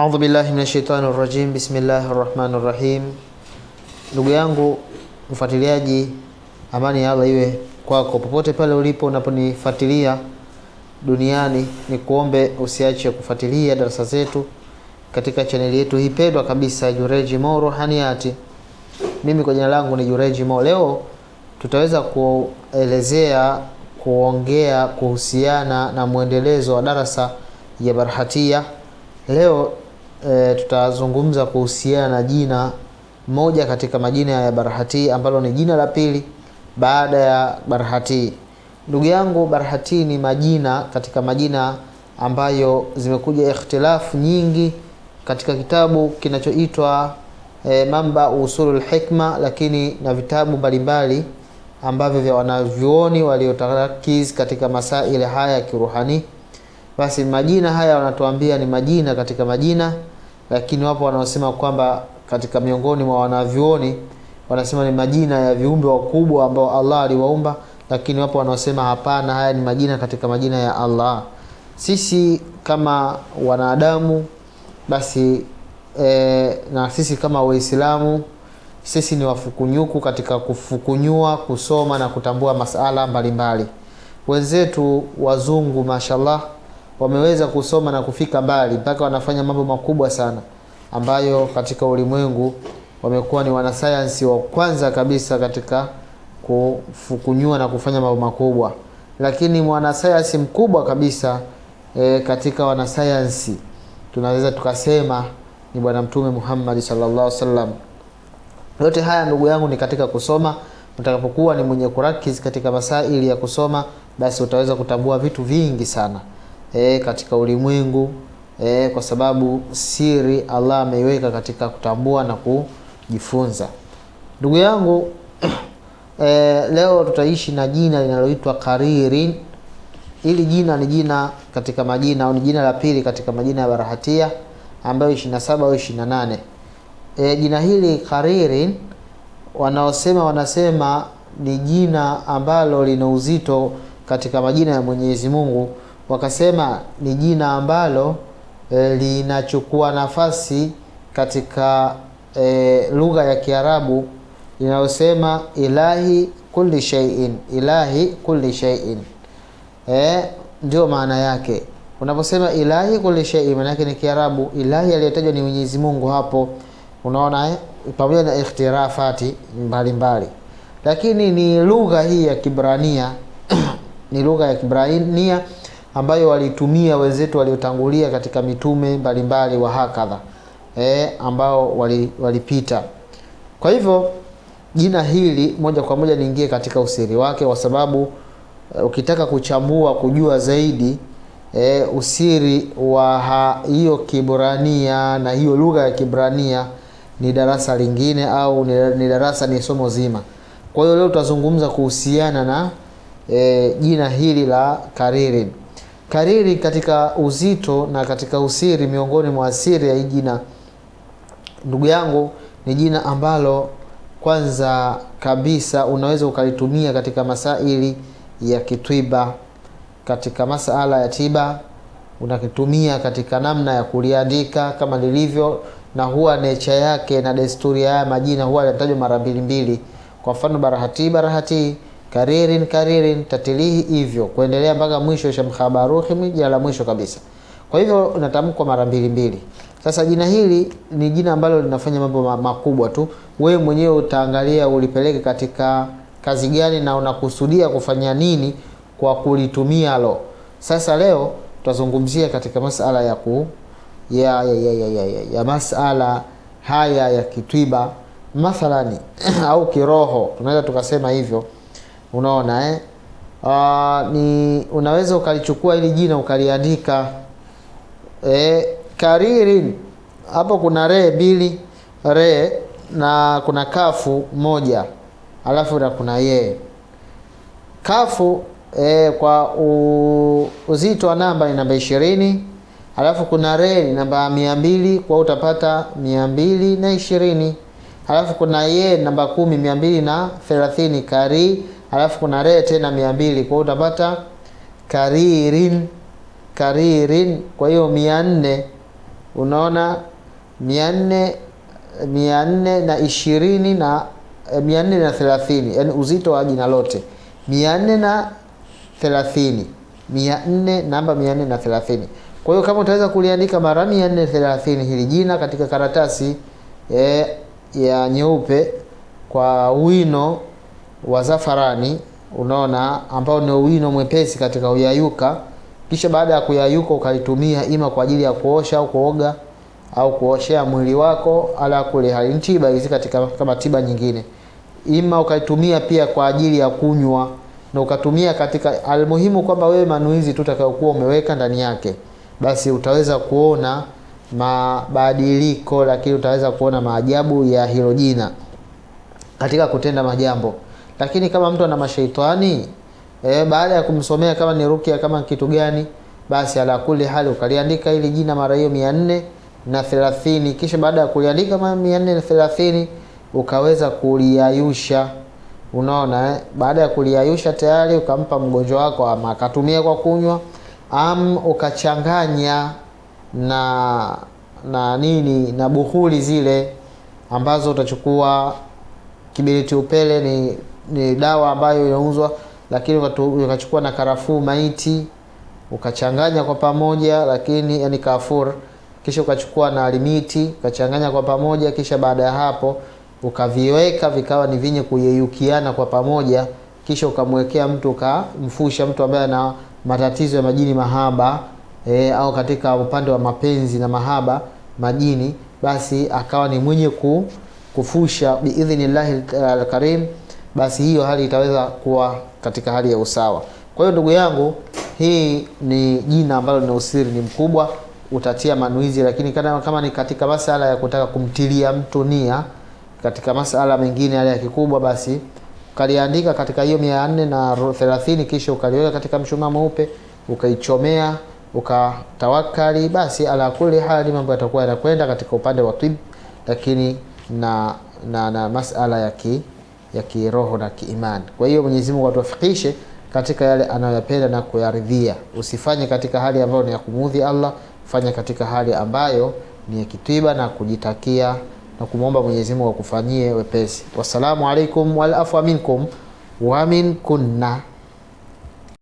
A'udhu billahi minashaitanir rajim. Bismillahir rahmanir rahim. Ndugu yangu mfuatiliaji, amani ya Allah iwe kwako popote pale ulipo unaponifuatilia duniani, ni kuombe usiache kufuatilia darasa zetu katika chaneli yetu hii pendwa kabisa Jureji Mo Ruhaniyat. Mimi kwa jina langu ni Jureji Mo. Leo tutaweza kuelezea kuongea kuhusiana na mwendelezo wa darasa ya Barhatia. Leo e, tutazungumza kuhusiana na jina moja katika majina ya Barhati ambalo ni jina la pili baada ya Barhati. Ndugu yangu, Barhati ni majina katika majina ambayo zimekuja ikhtilafu nyingi katika kitabu kinachoitwa e, Mamba Usulul Hikma, lakini na vitabu mbalimbali ambavyo vya wanavyuoni waliotarakiz katika masaili haya ya kiruhani. Basi majina haya wanatuambia ni majina katika majina lakini wapo wanaosema kwamba katika miongoni mwa wanavyuoni wanasema ni majina ya viumbe wakubwa ambao Allah aliwaumba, lakini wapo wanaosema hapana, haya ni majina katika majina ya Allah. Sisi kama wanadamu basi e, na sisi kama Waislamu sisi ni wafukunyuku katika kufukunyua, kusoma na kutambua masala mbalimbali mbali. Wenzetu wazungu mashallah wameweza kusoma na kufika mbali mpaka wanafanya mambo makubwa sana ambayo katika ulimwengu wamekuwa ni wanasayansi wa kwanza kabisa katika kufukunyua na kufanya mambo makubwa, lakini mwanasayansi mkubwa kabisa e, katika wanasayansi tunaweza tukasema ni Bwana Mtume Muhammad sallallahu alaihi wasallam. Yote haya ndugu yangu ni katika kusoma. Utakapokuwa ni mwenye kurakiz katika masaili ya kusoma, basi utaweza kutambua vitu vingi sana e, katika ulimwengu e, kwa sababu siri Allah ameiweka katika kutambua na kujifunza. Ndugu yangu e, leo tutaishi na jina linaloitwa Qaririn. Hili jina ni jina katika majina au ni jina la pili katika majina ya Barahatia ambayo 27 au 28. E, jina hili Qaririn wanaosema wanasema ni jina ambalo lina uzito katika majina ya Mwenyezi Mungu wakasema ni jina ambalo e, linachukua nafasi katika e, lugha ya Kiarabu inayosema ilahi kulli shay'in, ilahi kulli shay'in e, ndio maana yake. Unaposema ilahi kulli shay'in, maana yake ni Kiarabu, ilahi aliyetajwa ni Mwenyezi Mungu hapo. Unaona eh? pamoja na ikhtirafati mbalimbali, mbali. lakini ni lugha hii ya Kibrania ni lugha ya Kibrania ambayo walitumia wenzetu waliotangulia katika mitume mbalimbali wa hakadha e, ambao walipita wali. Kwa hivyo jina hili moja kwa moja niingie katika usiri wake, kwa sababu uh, ukitaka kuchambua kujua zaidi e, usiri wa hiyo Kibrania na hiyo lugha ya Kibrania ni darasa lingine au ni darasa ni somo zima. Kwa hiyo leo tutazungumza kuhusiana na e, jina hili la Karirin. Kariri katika uzito na katika usiri miongoni mwa asiri ya hii jina, ndugu yangu, ni jina ambalo kwanza kabisa unaweza ukalitumia katika masaili ya kitwiba, katika masala ya tiba unakitumia katika namna ya kuliandika kama lilivyo, na huwa necha yake na desturi ya haya majina huwa yanatajwa mara mbili mbili. Kwa mfano barahati, barahati karirin karirin, tatilihi hivyo kuendelea mpaka mwisho, shamkhabaruhi jina la mwisho kabisa. Kwa hivyo natamkwa mara mbili mbili. Sasa jina hili ni jina ambalo linafanya mambo makubwa tu. Wewe mwenyewe utaangalia ulipeleke katika kazi gani na unakusudia kufanya nini kwa kulitumia lo. Sasa leo tutazungumzia katika masala ya ku ya, ya, ya, ya, ya, ya, ya masala haya ya kitwiba mathalani au kiroho, tunaweza tukasema hivyo unaona eh? Uh, ni unaweza ukalichukua ili jina ukaliandika eh, karirin. Hapo kuna re mbili re na kuna kafu moja alafu na kuna ye kafu eh, kwa u, uzito wa namba ni namba ishirini alafu kuna re ni namba mia mbili kwa utapata mia mbili na ishirini alafu kuna ye namba kumi mia mbili na thelathini kari alafu kuna re tena mia mbili kwa hiyo utapata karirin karirin. Kwa hiyo mia nne unaona, mia nne mia nne na ishirini na eh, mia nne na thelathini yani uzito wa jina lote mia nne na thelathini mia nne namba mia nne na thelathini Kwa hiyo kama utaweza kuliandika mara mia nne thelathini hili jina katika karatasi e, ya nyeupe kwa wino wa zafarani, unaona, ambao ni uwino mwepesi katika uyayuka. Kisha baada ya kuyayuka ukalitumia ima kwa ajili ya kuosha au kuoga au kuoshea mwili wako, ala kule hali ntiba hizi katika kama tiba nyingine, ima ukaitumia pia kwa ajili ya kunywa na ukatumia katika almuhimu, kwamba wewe manuizi tutakayokuwa umeweka ndani yake, basi utaweza kuona mabadiliko, lakini utaweza kuona maajabu ya hilo jina katika kutenda majambo. Lakini kama mtu ana mashaitani e, baada ya kumsomea kama ni rukia kama kitu gani, basi ala kuli hali ukaliandika ili jina mara hiyo mia nne na thelathini kisha baada ya kuliandika mara mia nne na thelathini ukaweza kuliayusha. Unaona eh? Baada ya kuliayusha tayari ukampa mgonjwa wako, ama akatumia kwa kunywa, am ukachanganya na na nini na buhuli zile ambazo utachukua kibiriti upele ni ni dawa ambayo inauzwa, lakini ukachukua na karafuu maiti ukachanganya kwa pamoja, lakini yani kafur, kisha ukachukua na alimiti ukachanganya kwa pamoja, kisha baada ya hapo ukaviweka vikawa ni vyenye kuyeyukiana kwa pamoja, kisha ukamwekea mtu ukamfusha mtu ambaye ana matatizo ya majini mahaba e, au katika upande wa mapenzi na mahaba majini, basi akawa ni mwenye ku, kufusha biidhnillahi alkarim basi hiyo hali itaweza kuwa katika hali ya usawa. Kwa hiyo ndugu yangu, hii ni jina ambalo ni usiri ni mkubwa, utatia manuizi, lakini kama ni katika masala ya kutaka kumtilia mtu nia katika masala mengine yale ya kikubwa, basi ukaliandika katika hiyo mia nne na thelathini kisha ukaliweka katika mshumaa mweupe ukaichomea ukatawakali, basi ala kuli hali mambo yatakuwa yanakwenda katika upande wa tib, lakini na, na, na masala ya ki ya kiroho na kiimani. Kwa hiyo Mwenyezi Mungu atuwafikishe katika yale anayoyapenda na kuyaridhia. Usifanye katika hali ambayo ni ya kumudhi Allah, fanya katika hali ambayo ni ya kitiba na kujitakia na kumwomba Mwenyezi Mungu akufanyie wepesi. Wassalamu alaikum wal afwa minkum wa minkunna.